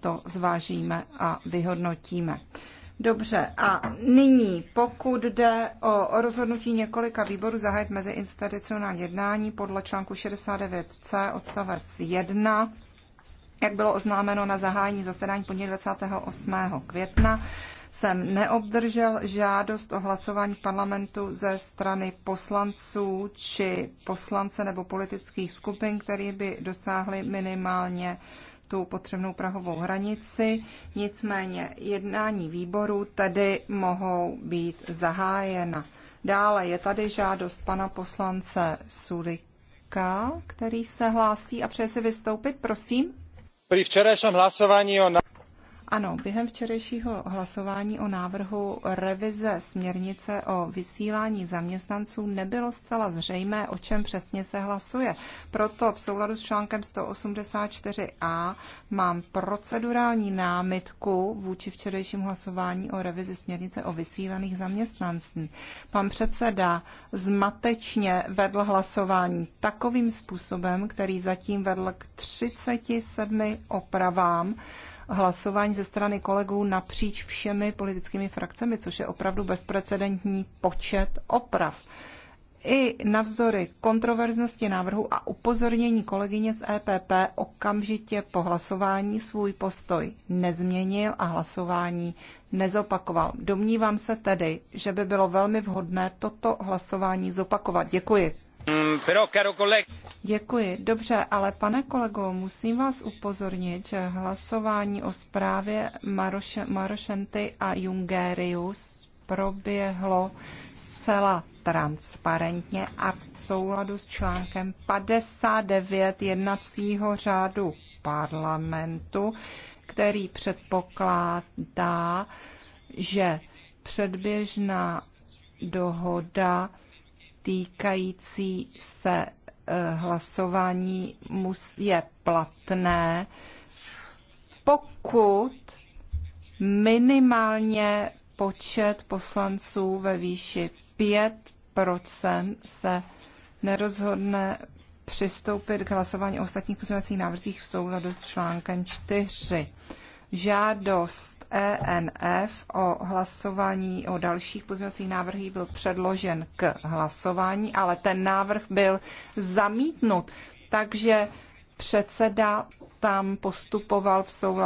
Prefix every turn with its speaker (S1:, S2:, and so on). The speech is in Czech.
S1: to zvážíme a vyhodnotíme. Dobře, a nyní, pokud jde o rozhodnutí několika výborů zahájit meziinstitucionální jednání podle článku 69c odstavec 1, jak bylo oznámeno na zahájení zasedání pondělí 28. května, jsem neobdržel žádost o hlasování parlamentu ze strany poslanců či poslance nebo politických skupin, které by dosáhly minimálně tu potřebnou prahovou hranici, nicméně jednání výboru tedy mohou být zahájena. Dále je tady žádost pana poslance Sulika, který se hlásí a přeje si vystoupit, prosím. Při včerejším hlasování o ano, během včerejšího hlasování o návrhu revize směrnice o vysílání zaměstnanců nebylo zcela zřejmé, o čem přesně se hlasuje. Proto v souladu s článkem 184a mám procedurální námitku vůči včerejším hlasování o revizi směrnice o vysílaných zaměstnanců. Pan předseda zmatečně vedl hlasování takovým způsobem, který zatím vedl k 37 opravám, hlasování ze strany kolegů napříč všemi politickými frakcemi, což je opravdu bezprecedentní počet oprav. I navzdory kontroverznosti návrhu a upozornění kolegyně z EPP okamžitě po hlasování svůj postoj nezměnil a hlasování nezopakoval. Domnívám se tedy, že by bylo velmi vhodné toto hlasování zopakovat. Děkuji. Mm, Děkuji. Dobře, ale pane kolego, musím vás upozornit, že hlasování o zprávě Maroše, Marošenty a Jungerius proběhlo zcela transparentně a v souladu s článkem 59 jednacího řádu parlamentu, který předpokládá, že předběžná dohoda týkající se eh, hlasování je platné, pokud minimálně počet poslanců ve výši 5 se nerozhodne přistoupit k hlasování o ostatních pozměňovacích návrzích v souladu s článkem 4. Žádost ENF o hlasování o dalších pozměňovacích návrhů byl předložen k hlasování, ale ten návrh byl zamítnut. Takže předseda tam postupoval v souladu